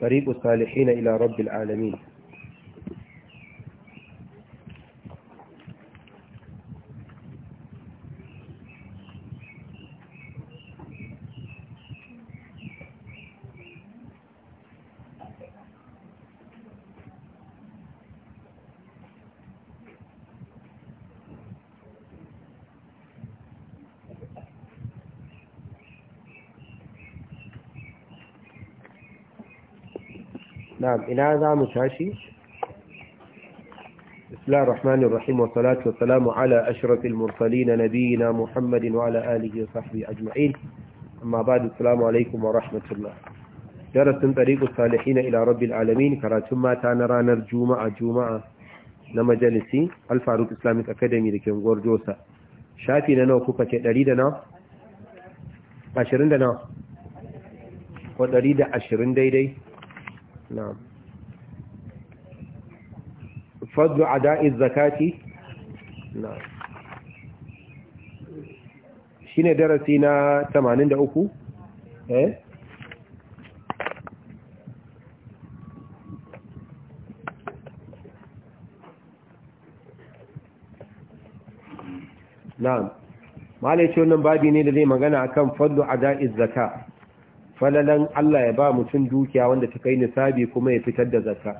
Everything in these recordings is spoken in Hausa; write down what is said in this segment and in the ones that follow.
طريق الصالحين إلى رب العالمين نعم إلى هذا مشاشي نعم بسم الله الرحمن الرحيم والصلاة والسلام على أشرف المرسلين نبينا محمد وعلى آله وصحبه أجمعين أما بعد السلام عليكم ورحمة الله درس طريق الصالحين إلى رب العالمين كراتم ما تانرى نرجو مع جمعة نما جلسي الفاروق إسلاميك أكاديمي لكي نقول جوسا شافي لنا وكوكا دليلنا عشرين لنا ودليل عشرين ديدي نعم fadlu ada'iz zakati shine darasi na 83 eh? na'am malai ce wannan babi ne da zai magana akan fadlu ada'iz zaka falalan Allah ya ba mutum dukiya wanda ta kai nisabi kuma ya fitar da zakka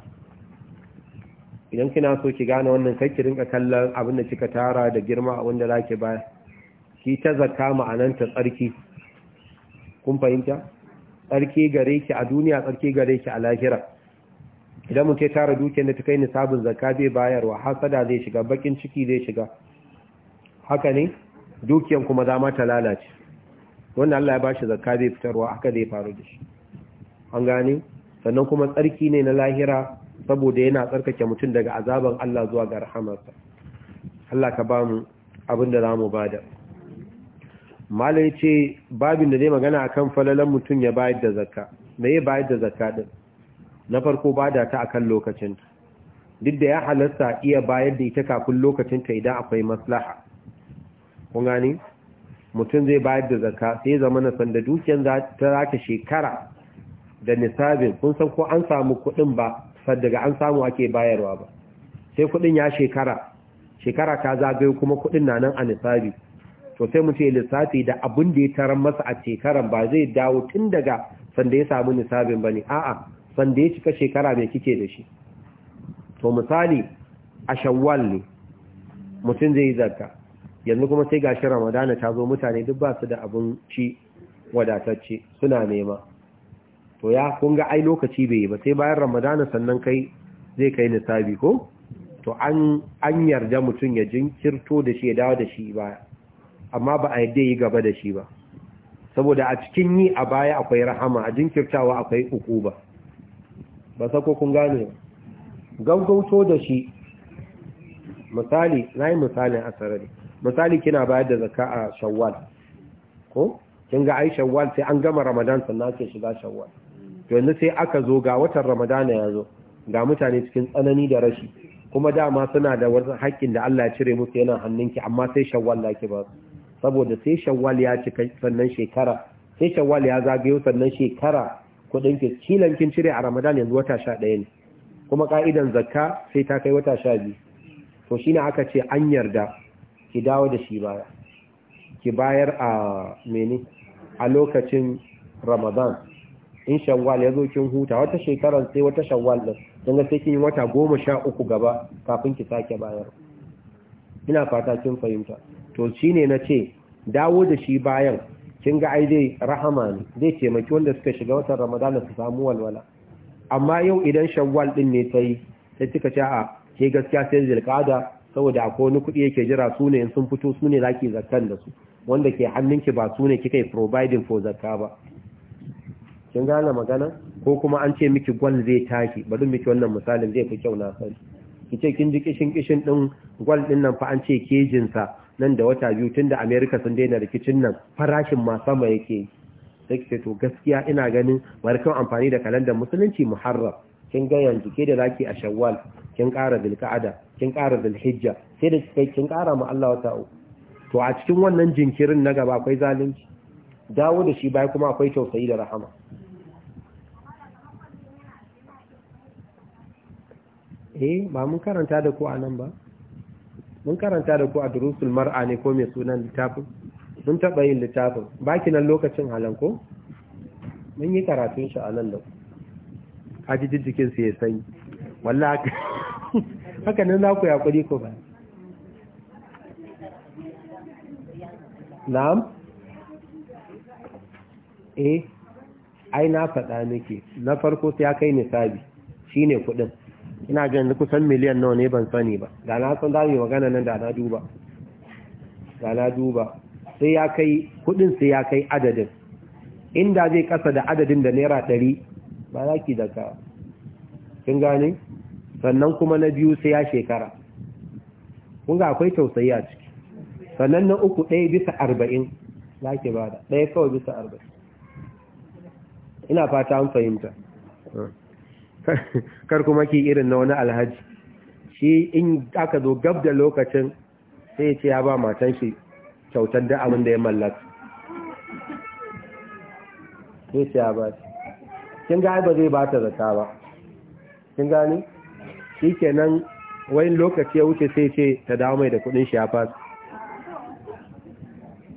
idan kina so ki gane wannan kai ki rinka kallon abin da kika tara da girma a wanda zaki ba ki ta zakka ma'anan ta tsarki kun fahimta tsarki gare ki a duniya tsarki gare ki a lahira idan mun ya tara dukiyar da ta kai nisabin zakka zai bayarwa hasada zai shiga bakin ciki zai shiga haka ne dukiyar kuma za ma ta lalace wannan Allah ya bashi zakka zai fitarwa haka zai faru da shi an gane sannan kuma tsarki ne na lahira saboda yana tsarkake mutum daga azaban Allah zuwa ga rahamarsa Allah ka bamu abin da zamu bada malai ce babin da zai magana akan falalan mutum ya bayar da zakka me ya bayar da zakka din na farko bada ta akan lokacin duk da ya halasta iya bayar da ita kafin lokacin ta idan akwai maslaha kun gani mutum zai bayar da zakka sai zama na sanda dukiyar ta zaka shekara da nisabin kun san ko an samu kuɗin ba daga an samu ake bayarwa ba sai kudin ya shekara shekara ta zagayo kuma kudin na nan a nisabi to sai mu ce lissafi da abun da ya taran masa a shekaran ba zai dawo tun daga sanda ya samu nisabin ba ne? a'a sanda ya cika shekara mai kike da shi to misali a shawwal ne mutum zai yi zakka yanzu kuma sai gashi ramadana ta zo mutane duk ba su da abinci ci wadatacce suna nema to ya kun ga ai lokaci bai ba sai bayan ramadana sannan kai zai kai nisabi ko to an an yarda mutum ya jinkirto da shi ya dawo da shi ba, amma ba a yadda yi gaba da shi ba saboda a cikin yi a baya akwai rahama a jinkirtawa akwai ukuba ba sako kun gane gaggauto da shi misali na yi misalin asarari misali kina bayar da zaka a shawwal ko kin ga ai shawwal sai an gama ramadan sannan sai shiga shawwal yanzu sai aka zo ga watan ramadana ya zo ga mutane cikin tsanani da rashi kuma dama suna da wani haƙƙin da Allah ya cire musu yana hannunki amma sai shawwal laki ba saboda sai shawwal ya cika sannan shekara sai shawwal ya zagayo sannan shekara kuɗin ki kilan kin cire a ramadan yanzu wata 11 ne kuma ƙa'idan zakka sai ta kai wata biyu. to shine aka ce an yarda ki dawo da shi baya ki bayar a mene a lokacin ramadan in shawwal ya zo kin huta wata shekarar sai wata shawwal din don ga sai kin yi wata goma sha uku gaba kafin ki sake bayar ina fata kin fahimta to shine na ce dawo da shi bayan kin ga ai dai rahama ne zai taimaki wanda suka shiga watan ramadana su samu walwala amma yau idan shawwal ɗin ne ta yi sai kika ce a ke gaskiya sai zilkada saboda akwai wani kuɗi yake jira su ne sun fito su ne zaki zakkan da su wanda ke hannunki ba su ne kika yi providing for zakka ba kin gane magana ko kuma an ce miki gwal zai tashi bari miki wannan misalin zai fi kyau na sani ki ce kin ji kishin kishin din gwal din nan fa an ce kejin sa nan da wata biyu tunda America sun daina rikicin nan farashin ma sama yake sai ce to gaskiya ina ganin bari amfani da kalandar musulunci muharram kin ga yanzu ke da zaki a shawwal kin ƙara bilka'ada kin ƙara bilhijja sai da kai kin ƙara ma Allah wata to a cikin wannan jinkirin na gaba akwai zalunci dawo da shi bai kuma akwai tausayi da rahama eh ba mun karanta da ku a nan ba mun karanta da ku a durusul mar'a ne ko mai sunan littafin mun taɓa yin littafin ki nan lokacin halan ko mun yi karatun shi a nan da ku haji jijjikin su ya sanyi wallaka haka nan za ku yakuri ko ba na'am eh ai na faɗa nake na farko sai ya kai misali shine kuɗin ina ganin kusan miliyan nawa ne ban sani ba da na san dami magana nan da na duba da na duba sai ya kai kudin sai ya kai adadin inda zai kasa da adadin da naira ɗari ba za ki daga kin gane sannan kuma na biyu sai ya shekara kun ga akwai tausayi a ciki sannan na uku ɗaya bisa arba'in za ki ba da ɗaya kawai bisa arba'in ina fata an fahimta kar kuma ki irin na wani alhaji shi in aka zo gab da lokacin sai ce ya ba matan shi kyautar da abin da ya mallaka sai ce ya ba kin ga ba zai ba ta zata ba kin gani kenan wani lokaci ya wuce sai ce ta dawo mai da kudin shi ya fasa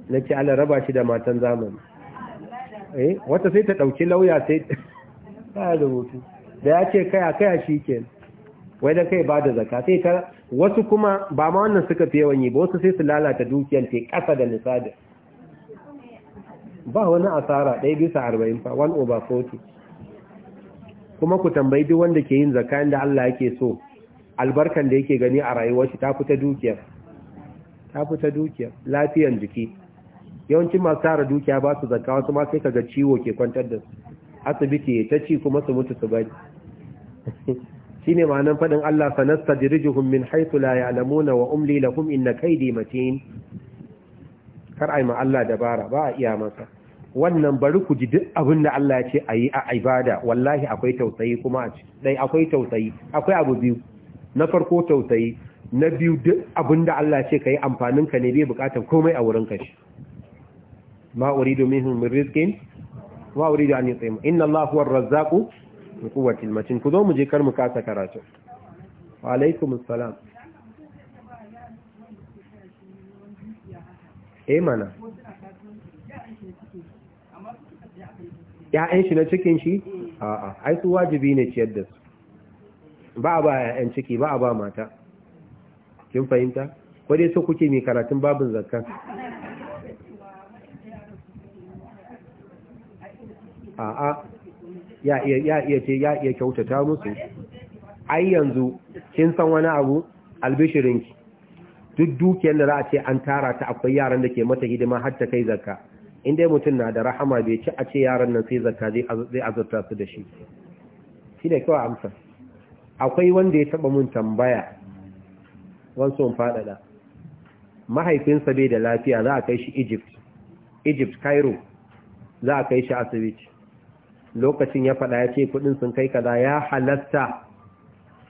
na ce ala raba shi da matan zamani eh wata sai ta dauki lauya sai ta rubutu da ya ce kaya kaya shi ke wai da kai ba da zaka sai ta wasu kuma ba ma wannan suka fi yawan yi ba wasu sai su lalata dukiyar ke ƙasa da nisadin ba wani asara ɗaya bisa arba'in fa one over forty kuma ku tambayi duk wanda ke yin zaka inda Allah yake so albarkan da yake gani a rayuwar shi ta fita dukiyar ta fita dukiyar lafiyar jiki yawancin masu tara dukiya ba su zaka wasu ma sai kaga ciwo ke kwantar da su asibiti ta ci kuma su mutu su bari shine ma'anan fadin Allah fanastajrijuhum min haythu la ya'lamuna wa umli lahum inna kaydi matin kar ai ma Allah dabara ba a iya masa wannan bari ku ji duk abin da Allah ya ce ayi a ibada wallahi akwai tausayi kuma a ci dai akwai tausayi akwai abu biyu na farko tausayi na biyu duk abin da Allah ya ce kai amfanin ka ne bai bukata komai a wurin ka shi ma uridu minhum min rizqin wa uridu an yutsim inna Allahu ar-razzaqu min quwwatil matin ku zo mu je kar mu kasa karatu wa alaikum assalam eh mana ya'yan shi na cikin shi a'a ai su wajibi ne ciyar da su ba a ba ya'yan ciki ba a ba mata kin fahimta ko dai so kuke mai karatun babin zakka a'a ya iya ce ya iya kyautata musu ai yanzu kin san wani abu albishirinki duk dukiyar da za a ce an tara ta akwai yaran da ke mata hidima har ta kai zakka in dai mutum na da rahama bai ci a ce yaran nan sai zakka zai azurta su da shi shi ne kawai amsa akwai wanda ya taba mun tambaya Wani son faɗaɗa mahaifinsa bai da lafiya za a kai shi egypt egypt cairo za a kai shi asibiti lokacin ya faɗa ya ce kuɗin sun kai kaza ya halatta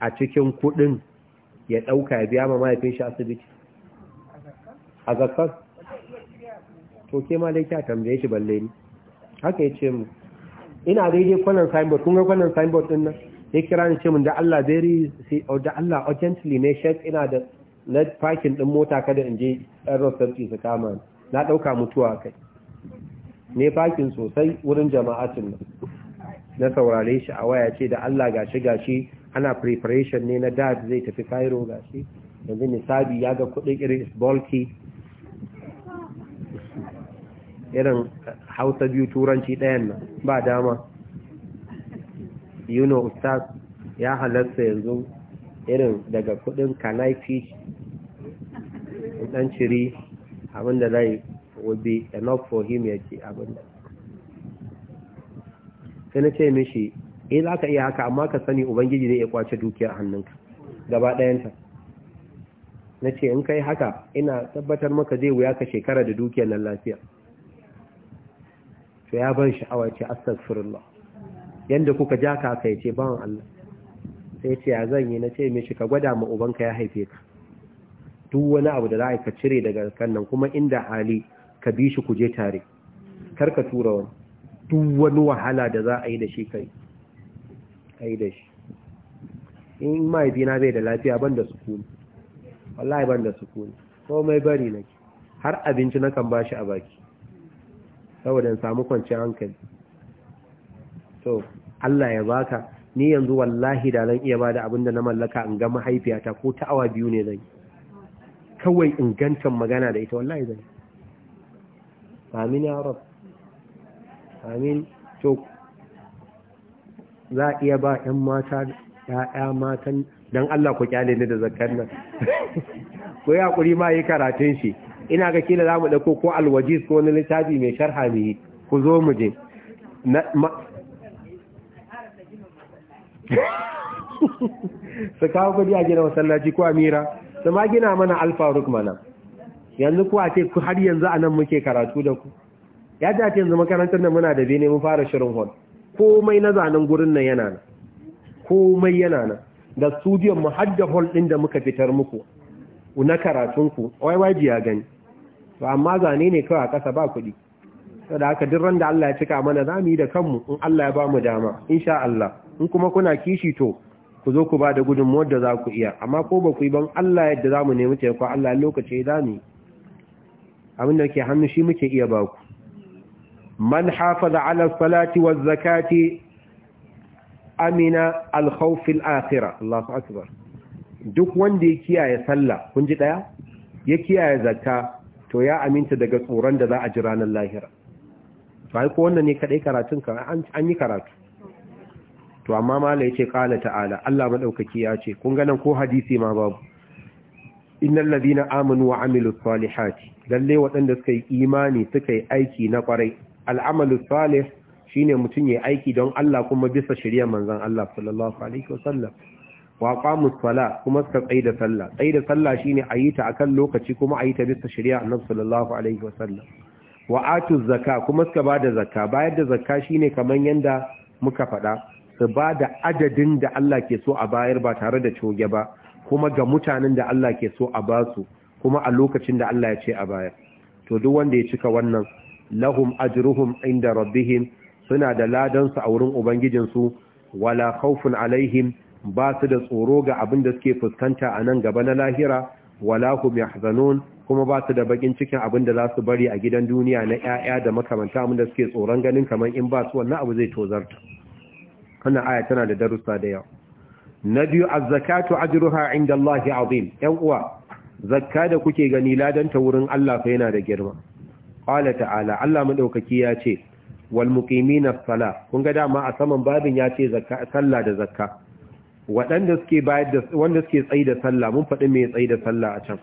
a cikin kuɗin ya ɗauka ya biya ma mahaifin shi asibiti a zakar to ke ma dai kya tambaye shi balle ne haka ya ce mu ina daidai kwanan signboard kun ga kwanan signboard din nan ya kira ni ce mu da Allah very oh, da Allah urgently ne shek ina da na parking din mota kada in je error sarki su kama na ɗauka mutuwa kai ne parking sosai wurin jama'atin nan na saurare shi a waya ce da Allah gashi gashi ana preparation ne na dad zai tafi Cairo gashi yanzu nisabi ya ga kudin irin bulky irin hausa biyu turanci ɗayan nan ba dama know ustaz ya halatta yanzu irin daga kudin kanai fish dan ciri abinda zai would be enough for him ya ce abinda sai na ce mishi eh za ka iya haka amma ka sani ubangiji zai iya kwace dukiyar hannunka gaba ɗayanta na ce in kai haka ina tabbatar maka zai wuya ka shekara da dukiyar nan lafiya to ya ban sha'awa ce astagfirullah yanda kuka ja ka kai ce ban Allah sai ce ya zan yi na ce mishi ka gwada ma ubanka ya haife ka duk wani abu da za ka cire daga kan nan kuma inda hali ka bi shi ku je tare kar ka tura wani duk wani wahala da za a yi da shi kai a yi da shi in mahaifina zai da lafiya ban da sukuni wallahi ban da sukuni ko mai bari nake har abinci na kan bashi a baki saboda in samu kwanciyar hankali to Allah ya baka ni yanzu wallahi da zan iya bada abinda na mallaka in ga mahaifiyata ko ta awa biyu ne zan kawai ingantan magana da ita wallahi zan amin ya rabu amin to za a iya ba 'yan mata ya'ya matan don Allah ku kyale ni da zakar nan ko ya kuri ma yi karatun shi ina ga kila za mu ɗauko ko alwajiz ko wani littafi mai sharha ne ku zo mu je su kawo kudi a gina masallaci ko amira su ma gina mana alfaruk mana yanzu ku a ce har yanzu a nan muke karatu da ku ya dace yanzu makarantar nan muna da bene mun fara shirin hall komai na zanen gurin nan yana nan komai yana nan da studio mu hadda hall din da muka fitar muku na ku. yyg ya gani to amma zane ne kawai a ƙasa ba kuɗi saboda haka duk ran da Allah ya cika mana zamu yi da kanmu in Allah ya ba mu dama insha Allah in kuma kuna kishi to ku zo ku ba da gudunmuwar da za ku iya amma ko ba ku yi ban Allah yadda za mu nemi taimako Allah lokaci ya yi. abin da ke hannu shi muke iya ba ku man hafaza ala salati waz zakati amina al-khawf al akbar duk wanda ya kiyaye sallah kun ji daya ya kiyaye zakka to ya aminta daga tsoron da za a ji ranar lahira bai ko wannan ne kadai karatun ka an yi karatu to amma mala yace qala ta'ala Allah madaukaki ya ce kun ganin ko hadisi ma babu innal ladina amanu wa amilus salihati lalle waɗanda suka yi imani suka yi aiki na kwarai al'amalu salih shine mutum ya aiki don Allah kuma bisa shari'a manzon Allah sallallahu alaihi wasallam wa qamus sala kuma suka tsaida da sallah tsayi da shine ayi ta akan lokaci kuma ayi ta bisa shari'a annabi sallallahu alaihi wasallam wa atu zakka kuma suka bada zakka bayar da zakka shine kamar yadda muka faɗa su ba da adadin da Allah ke so a bayar ba tare da coge ba kuma ga mutanen da Allah ke so a basu kuma a lokacin da Allah ya ce a bayar to duk wanda ya cika wannan lahum ajruhum inda rabbihim suna da ladansu a wurin ubangijinsu wala khawfun alaihim ba su da tsoro ga abin da suke fuskanta a nan gaba na lahira wala hum yahzanun kuma ba su da bakin cikin abin da za su bari a gidan duniya na ƴaƴa da makamanta abin da suke tsoron ganin kamar in ba su wannan abu zai tozarta wannan aya tana da darussa da yawa na biyu az-zakatu ajruha inda Allah azim ƴan uwa zakka da kuke gani ladanta wurin Allah fa yana da girma qala ta'ala Allah Maɗaukaki ya ce wal muqimina sala kun ga dama a saman babin ya ce sallah da zakka waɗanda suke bayar da tsayi da sallah mun faɗi mai tsayi da sallah a can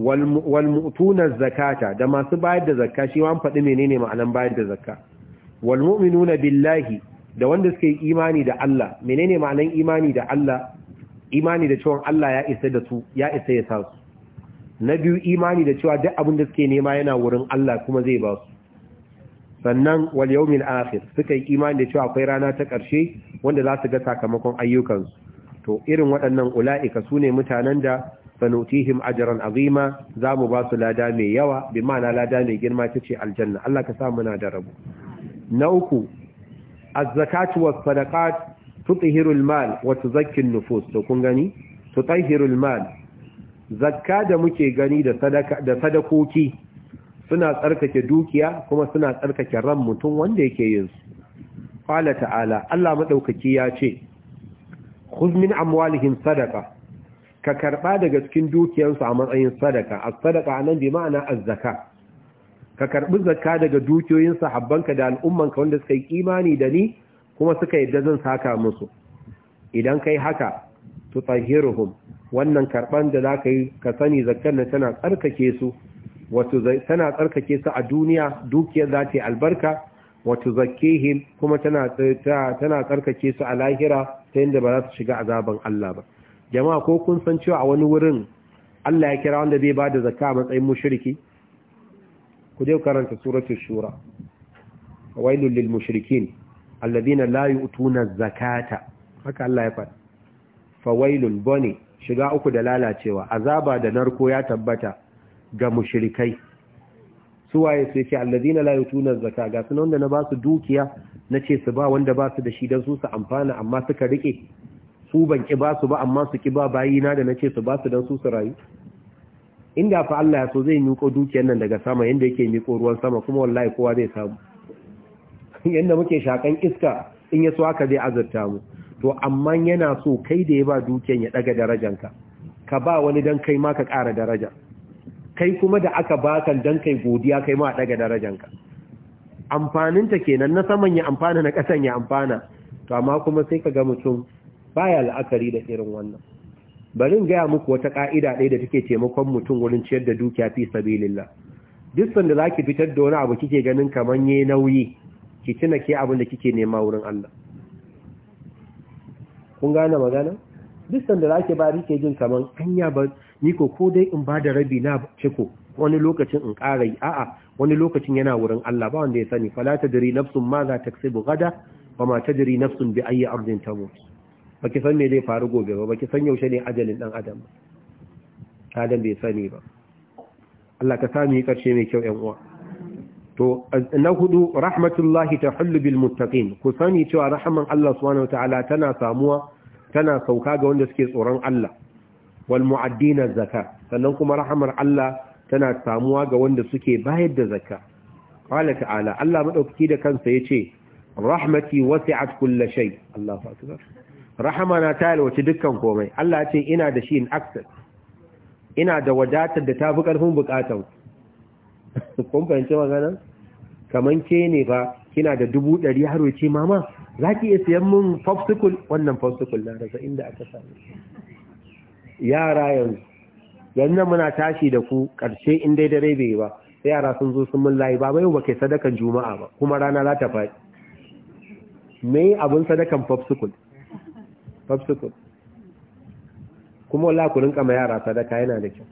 Walmutunan zakata da masu bayar da zakka shi ma mun faɗi menene ma'anan bayar da zakka wal mu'minuna billahi da wanda suke imani da Allah menene ma'anan imani da Allah imani da cewa Allah ya isa da su ya isa ya sa su na biyu imani da cewa duk abin da suke nema yana wurin Allah kuma zai ba su sannan wal yawmil akhir suka yi imani da cewa akwai rana ta ƙarshe wanda za su ga sakamakon ayyukansu to irin waɗannan ula'ika sune mutanen da sanutihim ajran azima mu ba su lada mai yawa bi ma'ana lada mai girma tace aljanna Allah ka sa muna da rabo na uku az-zakatu was-sadaqat tutahhiru al-mal wa tuzakki nufus to kun gani tutahhiru al-mal zakka da muke gani da sadakoki suna tsarkake dukiya kuma suna tsarkake ran mutum wanda yake yin su qala ta'ala Allah madaukaki ya ce khudh min amwalihim sadaqa ka karba daga cikin dukiyansu a matsayin sadaka as-sadaqa anan bi ma'ana az-zaka ka karbi zakka daga dukiyoyin sahabbanka da al'ummanka wanda suka yi imani da ni kuma suka yadda zan saka musu idan kai haka tutahhiruhum wannan karban da zaka yi ka sani zakkar nan tana tsarkake su wato tana tsarkake su a duniya dukiyar za ta albarka wato zakkihim kuma tana tana tsarkake su a lahira ta yadda ba za su shiga azaban Allah ba jama'a ko kun san cewa a wani wurin Allah ya kira wanda zai bada zakka a matsayin mushriki ku je karanta suratul shura wailul lil mushrikin alladhina la yu'tuna zakata haka Allah ya faɗa fawailun bane shiga uku da lalacewa azaba da narko ya tabbata ga mushrikai suwaye sai ce alladina la yutuna zakka ga sunan da na ba su dukiya nace su ba wanda ba su da shi dan su su amfana amma suka rike su ban ki ba su ba amma su ki ba bayina da nace su ba su dan su su rayu inda fa Allah ya so zai miko dukiyar nan daga sama yanda yake miƙo ruwan sama kuma wallahi kowa zai samu yanda muke shakan iska in ya so aka zai azurta mu to amma yana so kai da ya ba dukiyan ya daga darajanka ka ba wani dan kai ma ka ƙara daraja kai kuma da aka baka dan kai godiya kai ma daga darajanka amfanin kenan na saman ya amfana na ƙasan ya amfana to amma kuma sai ka ga mutum baya la'akari da irin wannan bari in gaya muku wata ka'ida ɗaya da take taimakon mutum wurin ciyar da dukiya fi sabilillah duk sanda zaki fitar da wani abu kike ganin kaman yayi nauyi ki tuna ke abin da kike nema wurin Allah kun gane magana duk sanda da ake ba rike jin kamar hanya ba ni ko ko dai in ba da rabi na ciko wani lokacin in ƙara yi a'a wani lokacin yana wurin Allah ba wanda ya sani fala tadri nafsun ma za taksibu gada ba ma tadri nafsun bi ayi ardin ba ki san me zai faru gobe ba ba ki san yaushe ne ajalin dan adam ba adam bai sani ba Allah ka sami karshe mai kyau 'yan uwa to na hudu rahmatullahi ta bil muttaqin ku sani cewa rahman Allah subhanahu wataala tana samuwa tana sauka ga wanda suke tsoron Allah wal mu'addina zakka sannan kuma rahmar Allah tana samuwa ga wanda suke bayar da zakka qala ta'ala Allah madaukaki da kansa yace rahmati wasi'at kulli shay Allahu akbar rahamana ta yalwace dukkan komai Allah ce ina da shi in access ina da wadatar da tafi karfin bukatan kun fahimci magana kaman ke ne ba kina da dubu ɗari har ce mama za ki iya siyan min popsicle wannan popsicle na rasa inda aka samu yara yanzu yanzu muna tashi da ku ƙarshe in dai dare bai ba sai yara sun zo sun mun layi ba bai ba kai sadakan juma'a ba kuma rana za ta faɗi me abin sadakan popsicle popsicle kuma wala ku rinka ma yara sadaka yana da kyau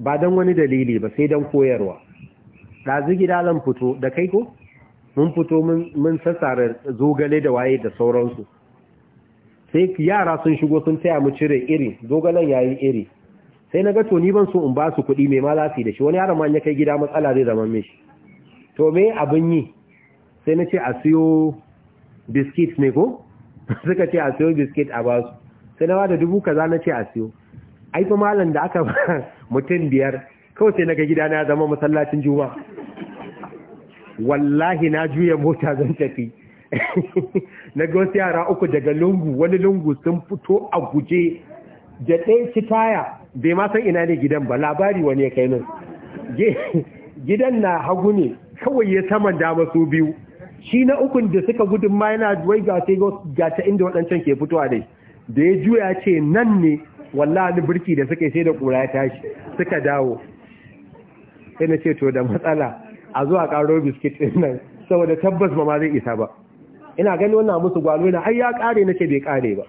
ba don wani dalili ba sai don koyarwa ɗazu gida zan fito da kai ko mun fito mun sassara zogale da waye da sauransu sai yara sun shigo sun taya mu cire iri zogalen yayi iri sai na ga to ni ban so in ba su kuɗi mai ma za su yi da shi wani yaron ma ya kai gida matsala zai zama mishi to me abin yi sai na ce a siyo biskit ne ko suka ce a siyo biskit a basu sai na ba da dubu kaza na ce a siyo ai fa malam da aka mutum biyar kawai sai na ga gida na zama masallacin juma'a wallahi na juya mota zan tafi na ga wasu yara uku daga lungu wani lungu sun fito a guje da ɗaya ci taya bai ma san ina ne gidan ba labari wani ya kai nan gidan na hagu ne kawai ya saman dama su biyu shi na ukun da suka gudun ma yana wai ga ta inda waɗancan ke fitowa dai da ya juya ce nan ne wallahi birki da suka sai da kura ya tashi suka dawo sai na ce to da matsala a zuwa ƙaro biskit ɗin nan saboda tabbas ba ma zai isa ba ina gani wannan musu gwalo na har ya ƙare na bai ƙare ba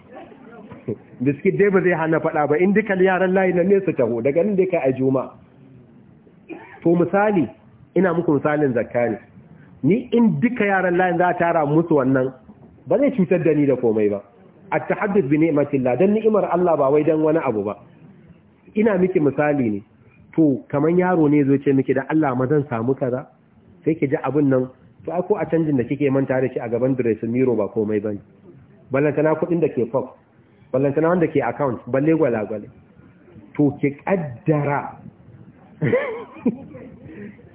biskit dai ba zai hana faɗa ba in duka yaran layi na nesa taho daga nan dai ka a juma to misali ina muku misalin zakka ni in duka yaran layi za a tara musu wannan ba zai cutar da ni da komai ba a tahaddus bi ni'matillah dan ni'imar Allah ba wai dan wani abu ba ina miki misali ne to kamar yaro ne zo ce miki da Allah ma zan samu kaza sai ki ji abun nan to ko a canjin da kike manta da shi a gaban dressing mirror ba komai bane ballantana kuɗin da ke pop ballantana wanda ke account balle gwale to ki kaddara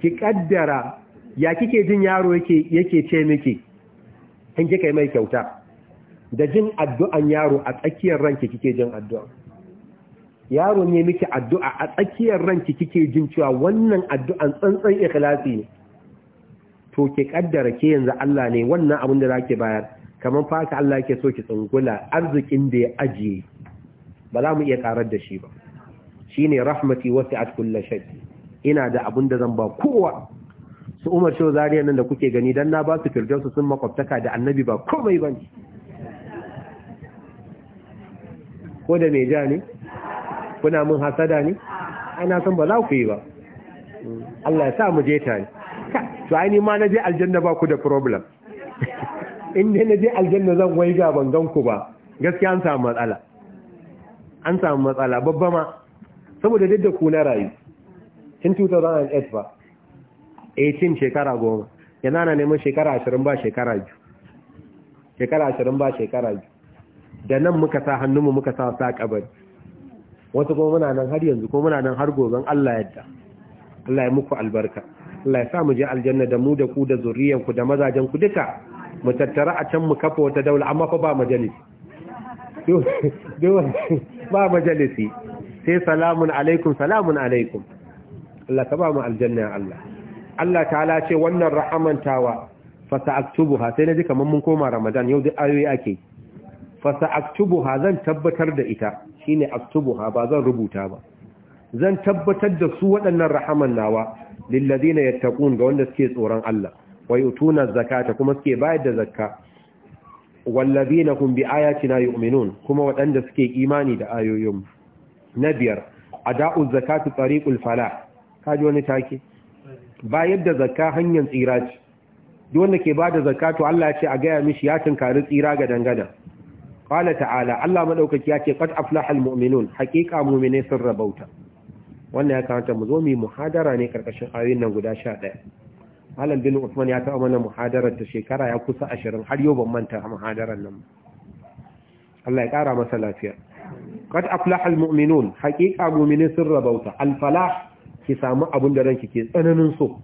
ki kaddara ya kike jin yaro yake yake ce miki in kike mai kyauta da jin addu'an yaro a tsakiyar ranki kike jin addu'a yaro ne miki addu'a a tsakiyar ranki kike jin cewa wannan addu'an tsantsan ikhlasi ne to ke kaddara ke yanzu Allah ne wannan abin da zake bayar kamar fa ka Allah yake so ki tsungula arzikin da ya ajiye ba za mu iya karar da shi ba shine rahmati wasi'at kulli shay ina da abin da zan ba kowa su Umar Shehu Zariya nan da kuke gani dan na ba su firdausu sun makwabtaka da Annabi ba komai bane ko da me ja ne kuna mun hasada ne ana san ba za ku yi ba Allah ya sa mu je tare to aini ma na je aljanna ba ku da problem in dai na je aljanna zan waiga ban gan ku ba gaskiya an samu matsala an samu matsala babba ma saboda duk da ku na rayu tun 2008 ba 18 shekara goma ya na neman shekara 20 ba shekara biyu shekara 20 ba shekara biyu da nan muka sa hannunmu muka sa sa kabari wasu kuma muna nan har yanzu kuma muna nan har gogon Allah yadda Allah ya muku albarka Allah ya sa mu je aljanna da mu da ku da zuriyan ku da mazajen ku duka mu tattara a can mu kafa wata daula amma fa ba majalisi ba majalisi sai salamun alaikum salamun alaikum Allah ka ba mu aljanna Allah Allah ta'ala ce wannan rahamantawa fa sa'aktubuha sai naji kaman mun koma Ramadan yau duk ayoyi ake fa sa'aktubuha zan tabbatar da ita shine aktubuha ba zan rubuta ba zan tabbatar da su waɗannan rahaman nawa lillazina yattaqun ga wanda suke tsoron Allah wa yutuna zakata kuma suke bayar da zakka wallazina hum bi na yu'minun kuma waɗanda suke imani da ayoyin na biyar a ada'u zakatu tariqul falah kaji wani take bayar da zakka hanyar tsira ce duk wanda ke bada zakka to Allah ya ce a gaya mishi ya tunkari tsira ga dangana qala ta'ala Allah madaukaki ya ce qad aflaha almu'minun haqiqa mu'mine sun wannan ya kamata mu zo mu muhadara ne karkashin ayoyin nan guda ɗaya. Malam bin Usman ya taɓa mana muhadarar ta shekara ya kusa ashirin har yau ban manta muhadarar nan Allah ya kara masa lafiya qad aflaha almu'minun haqiqa mu'minin sun rabauta alfalah ki samu abin da ranki ke tsananin so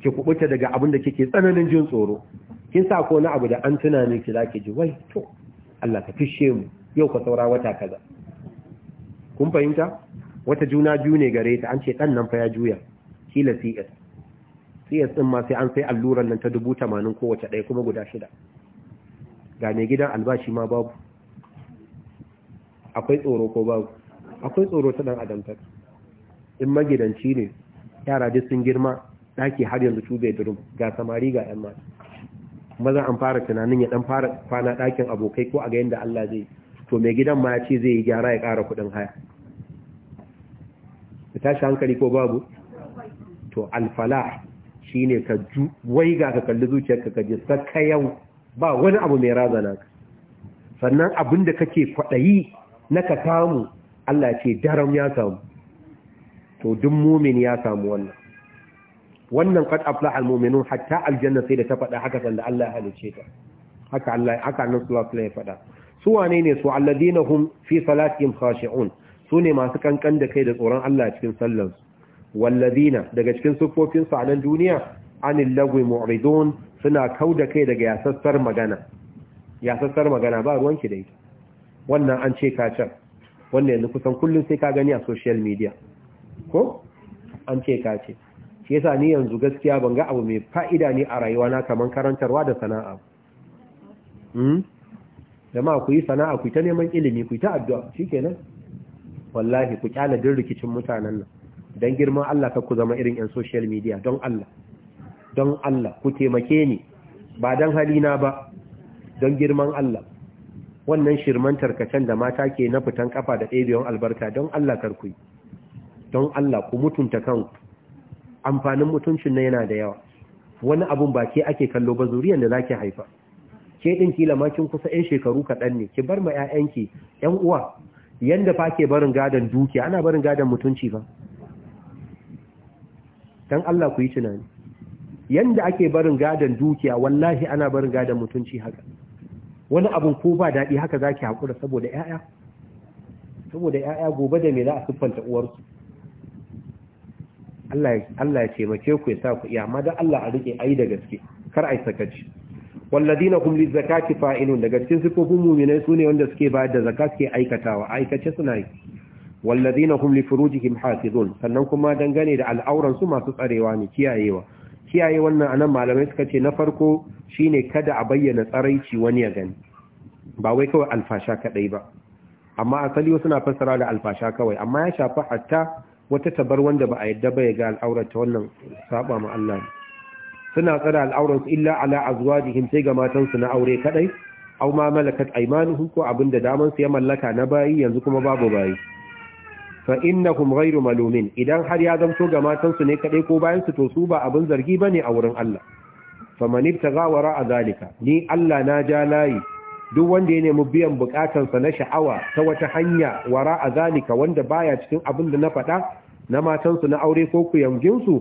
ki kubuta daga abin da kike tsananin jin tsoro kin sa ko na abu da an tuna miki zaki ji wai to Allah ka fishe mu yau ka saura wata kaza kun fahimta wata juna biyu ne gare ta an ce ɗan nan fa ya juya kila cs cs ɗin ma sai an sai alluran nan ta dubu tamanin kowace ɗaya kuma guda shida ga mai gidan albashi ma babu akwai tsoro ko babu akwai tsoro ta ɗan adamtar in magidanci ne yara duk sun girma ɗaki har yanzu two bedroom ga samari ga yan mata maza an fara tunanin ya ɗan fara kwana ɗakin abokai ko a ga yadda Allah zai to mai gidan ma ya ce zai yi gyara ya ƙara kuɗin haya tashi hankali ko babu to alfalah shine ka ju ga ka kalli zuciyarka ka ji saka yau ba wani abu mai razana ka sannan abin da kake kwaɗayi na ka samu Allah ce daram ya samu to duk mumin ya samu wannan wannan qad aflaha almu'minun hatta aljanna sai da ta faɗa haka sanda Allah halice ta haka Allah haka nan sallallahu alaihi faɗa su wane ne su alladina hum fi salatihim khashi'un su ne masu kankan da kai da tsoron Allah cikin sallansu wallazina daga cikin su a nan duniya anil lagwi mu'ridun suna kau da kai daga yasassar magana yasassar magana ba ruwanki da ita wannan an ce ka can. wannan yanzu kusan kullum sai ka gani a social media ko an ce ka ce. shi yasa ni yanzu gaskiya ban ga abu mai fa'ida ne a rayuwa na kaman karantarwa da sana'a Dama hmm? jama'a ku yi sana'a ku ta neman ilimi ku ta addu'a shikenan wallahi ku kyala din rikicin mutanen nan Don girman Allah ka ku zama irin yan social media don Allah don Allah ku taimake ni ba hali halina ba don girman Allah wannan shirman tarkacen da mata ke na fitan kafa da ɗebiyon albarka don Allah karku don Allah ku mutunta kanku amfanin mutuncin na yana da yawa wani abun ba ke ake kallo ba zuriyar da zaki haifa ke din kila ma kin kusa 'yan shekaru kaɗan ne ki bar ma 'ya'yanki 'yan uwa yanda fa ke barin gadon dukiya ana barin gadon mutunci ba dan Allah ku yi tunani yanda ake barin gadon dukiya wallahi ana barin gadon mutunci haka wani abun ko ba daɗi haka zaki hakura saboda 'ya'ya? saboda 'ya'ya gobe da me za a siffanta uwarsu Allah ya ce mace ku ya sa ku iya amma dan Allah a rike ai da gaske kar ai sakaci walladina hum lizakati fa'ilun daga cikin sifofin mu'minai sune wanda suke bayar da zakat suke aikatawa aikace suna yi walladina hum li furujihim hafizun sannan kuma dangane da al'auran su masu tsarewa ne kiyayewa kiyaye wannan anan malamai suka ce na farko shine kada a bayyana tsaraici wani ya gani ba wai kawai alfasha kadai ba amma asali wasu na fassara da alfasha kawai amma ya shafi hatta wata tabar wanda ba a yadda ba ya ga al'aurar ta wannan saba ma Allah ne suna tsara al'auransu illa ala azwajihim sai ga matansu na aure kadai aw ma malakat aymanuhum ko abinda daman su ya mallaka na bayi yanzu kuma babu bayi fa innahum ghayru malumin idan har ya zamto ga matansu ne kadai ko bayan su to su ba abin zargi bane a wurin Allah Fa man ibtaga wara zalika ni Allah na ja layi duk wanda ya nemi biyan bukatansa na sha'awa ta wata hanya wara zalika wanda baya cikin abin da na faɗa na matansu na aure ko ku su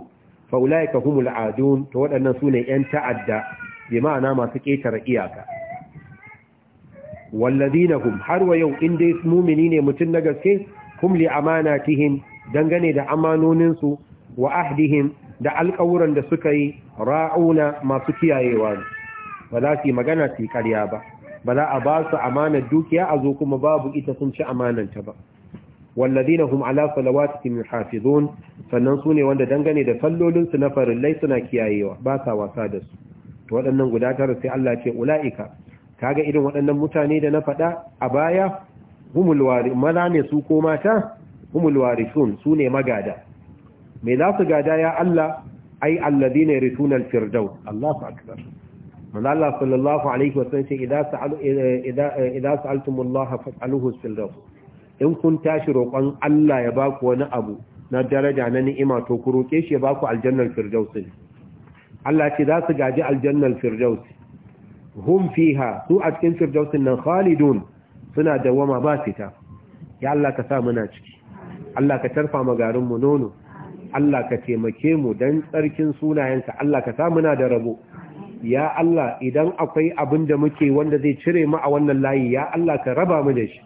fa ulaika humul adun to waɗannan sune yan ta'adda bi ma'ana masu ketare iyaka walladina hum har wa yau in dai mumini ne mutum na gaske hum li amanatihim dangane da amanoninsu wa ahdihim da alƙawuran da suka yi ra'una masu kiyayewa ne ba za su yi magana su yi ba ba za a ba su amanar dukiya a zo kuma babu ita sun ci amananta ba walladina hum ala salawatihim yuhafizun sannan sune ne wanda dangane da sallolin su na farillai suna kiyayewa ba wasa da su to waɗannan guda tara sai Allah ce ulaika kaga irin waɗannan mutane da na faɗa a baya humul maza ne su ko mata humul warithun su ne magada me za su gada ya Allah ai alladina yarithuna al-firdaus Allahu akbar manzo sallallahu alaihi idan in kun tashi roƙon Allah ya ba ku wani abu na daraja na ni'ima to ku roƙe shi ya ba ku aljannar firdausi Allah ce za su gaji aljannar firdausi hum fiha su a cikin firdausin nan khalidun suna dawama ba fita ya Allah ka sa muna ciki Allah ka tarfa magarin mu nono Allah ka taimake mu dan tsarkin sunayenka Allah ka sa muna da rabo ya Allah idan akwai abin da muke wanda zai cire mu a wannan layi ya Allah ka raba mu da shi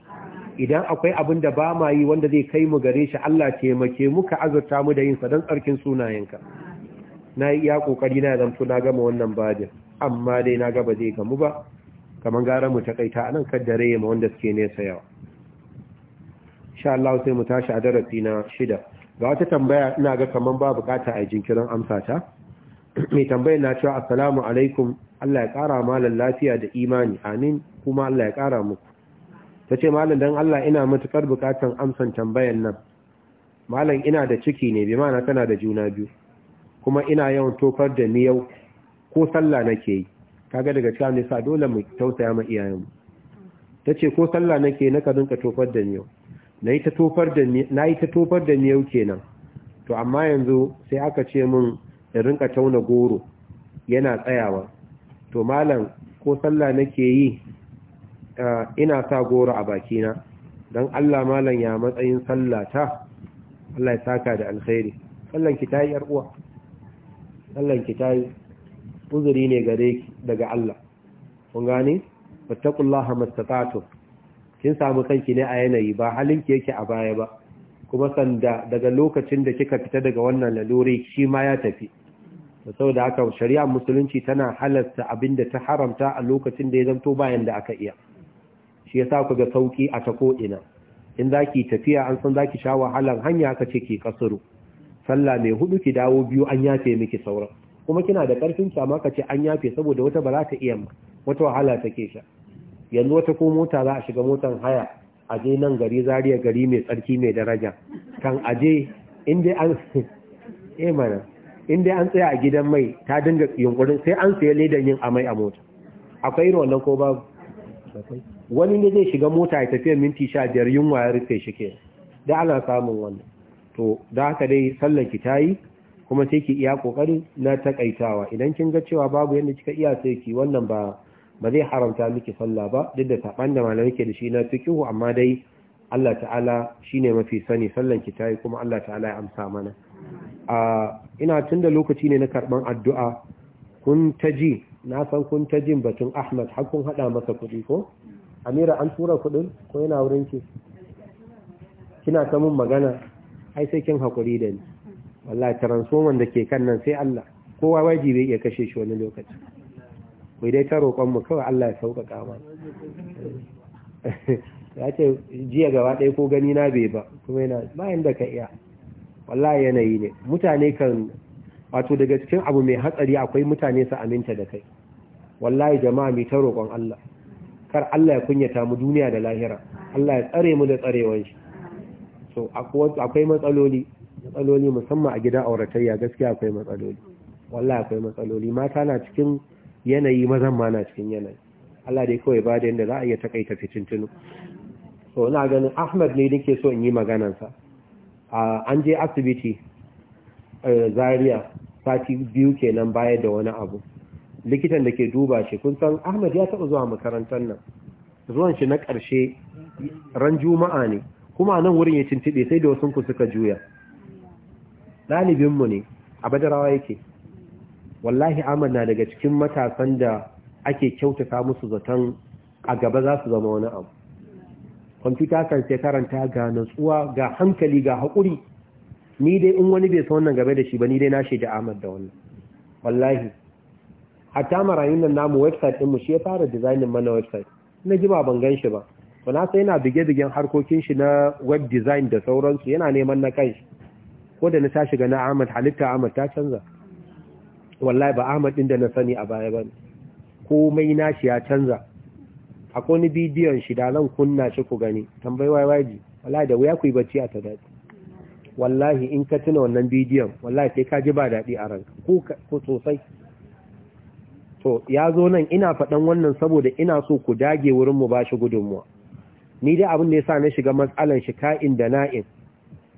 idan akwai abin da ba ma yi wanda zai kai mu gare shi Allah taimake muka azurta mu da yin sa don tsarkin sunayenka na iya kokari na zanto na gama wannan bajin amma dai na gaba zai gamu ba kamar gara mu takaita anan kaddare ma wanda suke nesa yawa insha Allah sai mu tashi a darasi na shida ga wata tambaya ina ga kamar ba bukata a jinkirin amsa ta mai tambayar na cewa assalamu alaikum Allah ya kara malan lafiya da imani amin kuma Allah ya kara muku ta ce malam don Allah ina matuƙar buƙatar amsan tambayan nan malam ina da ciki ne bi ma'ana tana da juna biyu kuma ina yawan tofar da miyau ko sallah nake yi kaga daga cikin ne sa dole mu tausaya ma mu. Ta ce ko sallah nake na ka dinka tofar da miyau nayi ta tofar da nayi ta tofar da miyau kenan to amma yanzu sai aka ce min in rinka tauna goro yana tsayawa to malam ko sallah nake yi Eh, ina sa goro a bakina don Allah malam ya matsayin sallata Allah ya saka da alkhairi sallan ki tayi yar uwa sallan ki tayi uzuri ne gare ki daga Allah kun gane fattaqullaha mastata'tum kin samu kanki ne a yanayi ba halin ki yake a baya ba kuma sanda daga lokacin da kika fita daga wannan lalure shi ma ya tafi saboda haka shari'ar musulunci tana halarta abinda ta haramta a lokacin da ya zanto bayan da aka iya shi yasa ku ga sauki a ta ko'ina in za ki tafiya an san za ki sha wahalan hanya ka ce ki kasuru sallah mai hudu ki dawo biyu an yafe miki sauran kuma kina da karfin ki amma ka ce an yafe saboda wata ba za ta iya ma wata wahala take sha yanzu wata ko mota za a shiga motan haya a je nan gari zariya gari mai tsarki mai daraja kan aje in dai an eh mana in an tsaya a gidan mai ta dinga yunkurin sai an sayi ledan yin amai a mota akwai irin wannan ko babu wani ne zai shiga mota ya tafiya minti sha biyar yunwa ya rufe shi ke da ana samun wannan to da haka dai sallar ki tayi kuma sai ki iya kokari na takaitawa idan kin ga cewa babu yadda kika iya sai ki wannan ba ba zai haramta miki sallah ba duk da saban da malamai ke da shi na fiqhu amma dai Allah ta'ala shine mafi sani sallar ki tayi kuma Allah ta'ala ya amsa mana a ina tunda lokaci ne na karban addu'a kun taji na san kun tajin batun Ahmad har kun hada masa kuɗi ko amira an tura kuɗin ko yana wurin ki kina ta mun magana ai sai kin hakuri da ni wallahi transformer da ke kan nan sai Allah kowa wajibi ya kashe shi wani lokaci ku dai ta roƙon mu kawai Allah ya sauƙaƙa mana ya ce jiya gaba ɗaya ko gani na bai ba kuma yana bayan da ka iya wallahi yanayi ne mutane kan wato daga cikin abu mai hatsari akwai mutane su aminta da kai wallahi jama'a mai ta roƙon Allah kar Allah ya kunyata mu duniya da lahira Allah ya tsare mu da tsarewan shi so akwai matsaloli matsaloli musamman a gidan auratayya gaskiya akwai matsaloli wallahi akwai matsaloli mata na cikin yanayi mazan ma na cikin yanayi Allah dai kawai ba da yadda za a iya takaita fitintunu so ina ganin Ahmad ne nake so in yi sa an je asibiti eh, Zaria sati biyu kenan baya da wani abu likitan da ke duba shi kun san Ahmad ya taɓa zuwa makarantar nan zuwan shi na ƙarshe ran juma'a ne kuma nan wurin ya cintiɗe sai da wasunku suka juya ɗalibinmu ne a badarawa yake wallahi Ahmad na daga cikin matasan da ake kyautata musu zaton a gaba za su zama wani abu kwamfuta kan sai karanta ga natsuwa ga hankali ga haƙuri ni dai in wani bai san wannan gaba da shi ba ni dai na shaida Ahmad da wannan wallahi hatta marayun nan namu website ɗinmu shi ya fara designing mana website na ba ban gan shi ba to na sai yana bige-bigen harkokin shi na web design da sauransu yana neman na kai ko da na ta shiga na Ahmad halitta Ahmad ta canza wallahi ba Ahmad din da na sani a baya ba komai nashi ya canza akwai wani bidiyon shi da zan kunna shi ku gani tambayi waji wallahi da wuya ku yi bacci a ta dace wallahi in ka tuna wannan bidiyon wallahi sai ka ji ba daɗi a ranka ko sosai to ya zo nan ina faɗan wannan saboda ina so ku dage wurin mu shi gudunmuwa ni dai abin da ya sa na shiga matsalan shi ka'in da na'in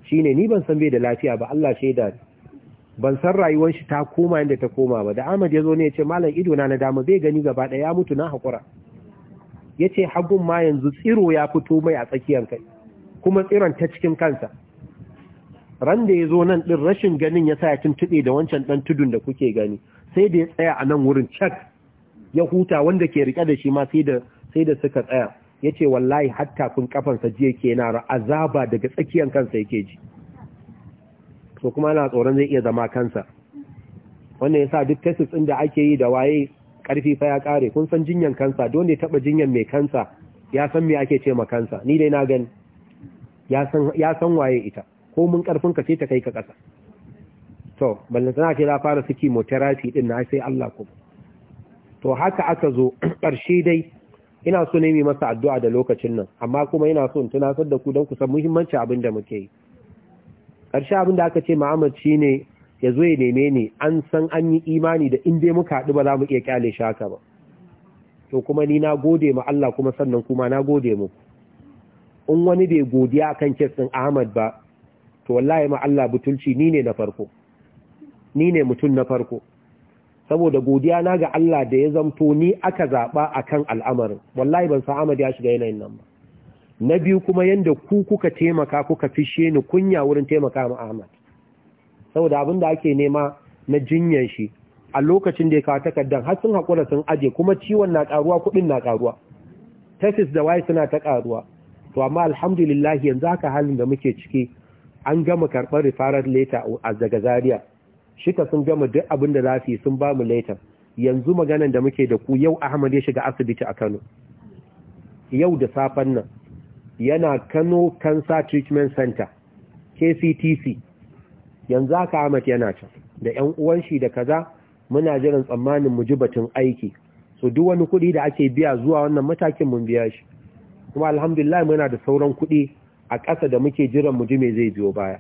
Shi ne ni ban san bai da lafiya ba Allah da. ban san rayuwar shi ta koma yadda ta koma ba da Ahmad ya zo ne ya ce malam ido na na dama bai gani gaba ɗaya ya mutu na haƙura. Ya ce hagun ma yanzu tsiro ya fito mai a tsakiyar kai kuma tsiron ta cikin kansa ran da ya zo nan din rashin ganin ya sa ya tuntuɓe da wancan ɗan tudun da kuke gani sai da ya tsaya a nan wurin cak ya huta wanda ke rike da shi ma sai da sai da suka tsaya yace wallahi hatta kun kafansa jiya ke na azaba daga tsakiyar kansa yake ji so kuma ana tsoron zai iya zama kansa wannan yasa duk tesis ɗin da ake yi da waye karfi fa ya kare kun san jinyan kansa don ne taba jinyan mai kansa ya san me ake ce ma kansa ni dai na gani ya san waye ita ko mun karfin ka sai ta kai ka kasa to tana ce za fara su chemotherapy din na sai Allah ku. to haka aka zo ƙarshe dai ina so ne mai masa addu'a da lokacin nan amma kuma ina so in tunatar da ku don ku san muhimmanci abin da muke yi ƙarshe abin da aka ce Muhammad shine ya zo ya neme ni an san an yi imani da in dai muka haɗu ba za mu iya kyale shaka ba to kuma ni na gode ma Allah kuma sannan kuma na gode mu in wani bai godiya kan kes ɗin Ahmad ba to wallahi ma Allah butulci ni ne na farko ni ne mutum na farko saboda godiya na ga Allah da ya zamto ni aka zaɓa a kan al'amarin wallahi ban san Ahmad ya shiga yanayin nan ba na biyu kuma yadda ku kuka taimaka kuka fi fishe ni kunya wurin taimaka ma Ahmad saboda abin da ake nema na jinyar shi a lokacin da ya kawo takardar har sun haƙura sun aje kuma ciwon na ƙaruwa kuɗin na ƙaruwa tesis da waye suna ta ƙaruwa to amma alhamdulillah yanzu haka halin da muke ciki an gama karɓar referral leta a daga Zariya. shika sun gama duk abin da za sun ba mu laitar yanzu maganan da muke da ku yau Ahmad ya shiga asibiti a Kano yau da safen nan yana Kano Cancer Treatment Center KCTC yanzu haka Ahmad yana can da 'yan uwan shi da kaza muna jiran tsammanin mu ji batun aiki so duk wani kuɗi da ake biya zuwa wannan matakin mun biya shi kuma alhamdulillah muna da sauran kuɗi a ƙasa da muke jiran mu ji me zai biyo baya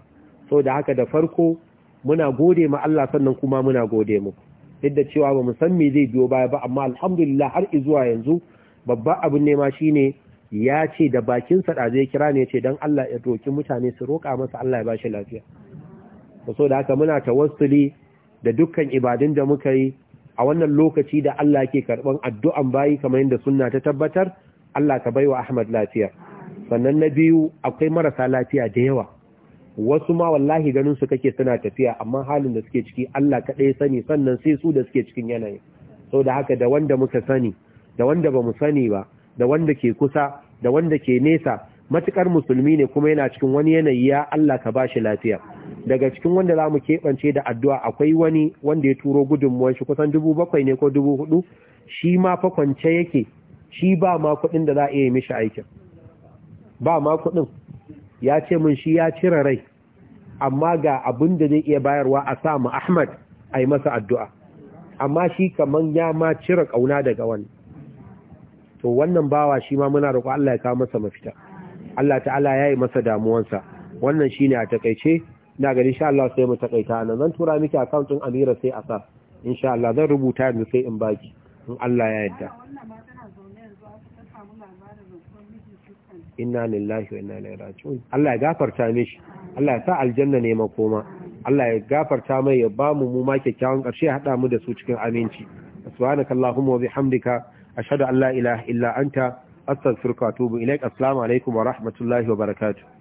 so da haka da farko muna gode ma Allah sannan kuma muna gode mu duk cewa ba mu san me zai biyo baya ba amma alhamdulillah har zuwa yanzu babba abin nema shine ya ce da bakinsa sa zai kira ne ce dan Allah ya roki mutane su roka masa Allah ya ba shi lafiya so da haka muna tawassuli da dukkan ibadun da muka yi a wannan lokaci da Allah yake karban addu'an bayi kamar yadda sunna ta tabbatar Allah ka bai wa Ahmad lafiya sannan na biyu akwai marasa lafiya da yawa wasu ma wallahi ganin su kake suna tafiya amma halin da suke ciki Allah kaɗai sani sannan sai su da suke cikin yanayin sau da haka da wanda muka sani da wanda ba mu sani ba da wanda ke kusa da wanda ke nesa matukar musulmi ne kuma yana cikin wani yanayi ya Allah ka ba shi lafiya daga cikin wanda za mu keɓance da addu'a akwai wani wanda ya turo gudunmuwan shi kusan dubu bakwai ne ko dubu hudu shi ma fa kwance yake shi ba ma kuɗin da za a iya mishi aikin ba ma kuɗin ya ce mun shi ya cire rai amma ga abin da zai iya bayarwa a sa mu Ahmad ai masa addu'a amma shi kaman ya ma cire kauna daga wani to wannan bawa shi ma muna roƙo Allah ya kawo masa mafita Allah ta'ala ya yi masa damuwansa wannan shine a takeice ina ga insha Allah sai mu takaita nan zan tura miki account din Amira sai a sa insha Allah zan rubuta yanzu sai in baki in Allah ya yarda inna lillahi wa inna ilaihi raji'un Allah ya gafarta mishi Allah ya sa aljanna ne koma, Allah ya gafarta mai ya ba mu mu ma kyakkyawan ƙarshe ya haɗa mu da su cikin aminci subhanaka allahumma wa bihamdika ashhadu an la ilaha illa anta astaghfiruka wa atubu ilaik assalamu alaikum wa rahmatullahi wa barakatuh